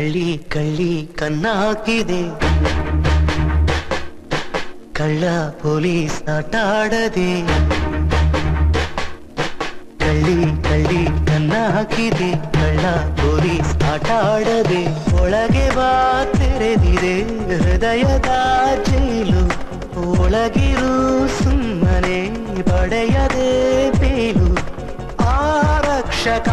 ಕಳ್ಳಿ ಕಳ್ಳಿ ಕಣ್ಣಾಕಿದೆ ಕಳ್ಳ ಪೊಲೀಸ್ ನಾಟಾಡದೆ ಕಳ್ಳಿ ಕಳ್ಳಿ ಕನ್ನ ಹಾಕಿದೆ ಕಳ್ಳ ಪೊಲೀಸ್ ಆಟಾಡದೆ ಒಳಗೆ ಬಾ ತೆರೆದಿದೆ ಹೃದಯದ ಜೈಲು ಒಳಗಿರು ಸುಮ್ಮನೆ ಪಡೆಯದೆ ಬೇಲು ಆರಕ್ಷಕ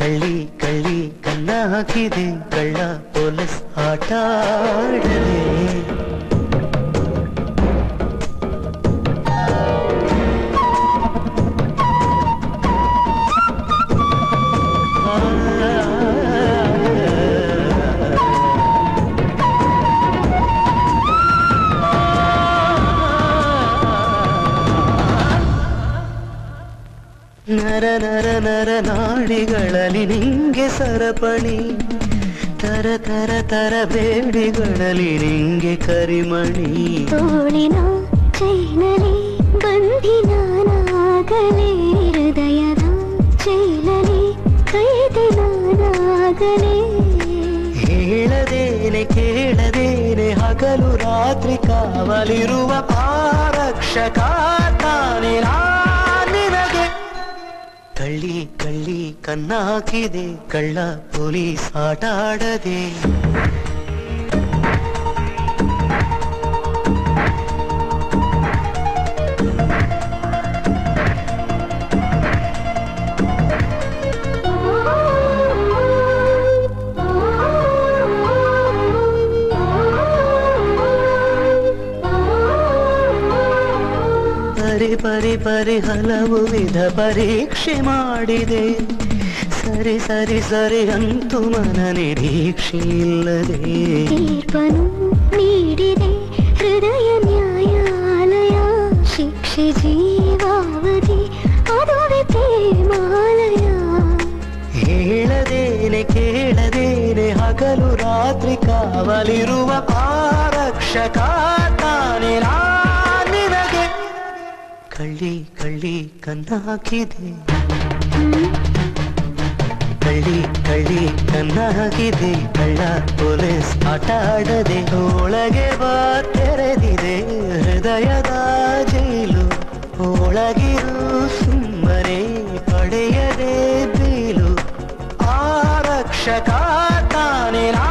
ತಳ್ಳಿ ಕಳ್ಳಿ ಕನ್ನ ಹಾಕಿದೆ ಕಳ್ಳ ಪೊಲೀಸ್ ಆಟ ಆಡಿದೆ ನರ ನರ ನರ ನಾಡಿಗಳಲ್ಲಿ ನಿಂಗೆ ಸರಪಣಿ ತರ ತರ ತರ ಬೇಡಿಗಳಲ್ಲಿ ನಿಂಗೆ ಕರಿಮಣಿ ತೋಳಿನ ಚೈನಲಿ ಗಂಧಿನ ನಾಗಲೇ ಹೃದಯದ ಚೈಲಲಿ ನಾನಾಗಲೇ ಹೇಳದೇನೆ ಕೇಳದೇನೆ ಹಗಲು ರಾತ್ರಿ ಕಾವಲಿರುವ ಪಾರಕ್ಷಕ ಕಳ್ಳಿ ಕಳ್ಳಿ ಕಣ್ಣಾಕಿದೆ ಕಳ್ಳ ಪೊಲೀಸ್ ಆಟ ಪರಿ ಪರಿ ಹಲವು ವಿಧ ಪರೀಕ್ಷೆ ಮಾಡಿದೆ ಸರಿ ಸರಿ ಸರಿ ಅಂತು ಮನ ನಿರೀಕ್ಷೆ ಇಲ್ಲದೆ ತೀರ್ಪನು ನೀಡಿದೆ ಹೃದಯ ನ್ಯಾಯಾಲಯ ಶಿಕ್ಷೆ ಜೀವಾವಧಿ ಮಾಲಯ ಪ್ರೇಮಾಲಯ ಹೇಳದೇನೆ ಕೇಳದೇನೆ ಹಗಲು ರಾತ್ರಿ ಕಾವಲಿರುವ ಆರಕ್ಷಕ ತಾನೇ ಕಳ್ಳಿ ಕಳ್ಳಿ ಹಾಕಿದೆ ಕಳ್ಳಿ ಕಳ್ಳಿ ಹಾಕಿದೆ ಕಳ್ಳ ಪೊಲೀಸ್ ಆಟ ಆಡದೆ ಒಳಗೆ ಬಾ ತೆರೆದಿದೆ ಹೃದಯದ ಜೈಲು ಒಳಗಿರು ಸುಮ್ಮನೆ ಪಡೆಯದೆ ಬೀಲು ಆರಕ್ಷಕ ತಾನೇ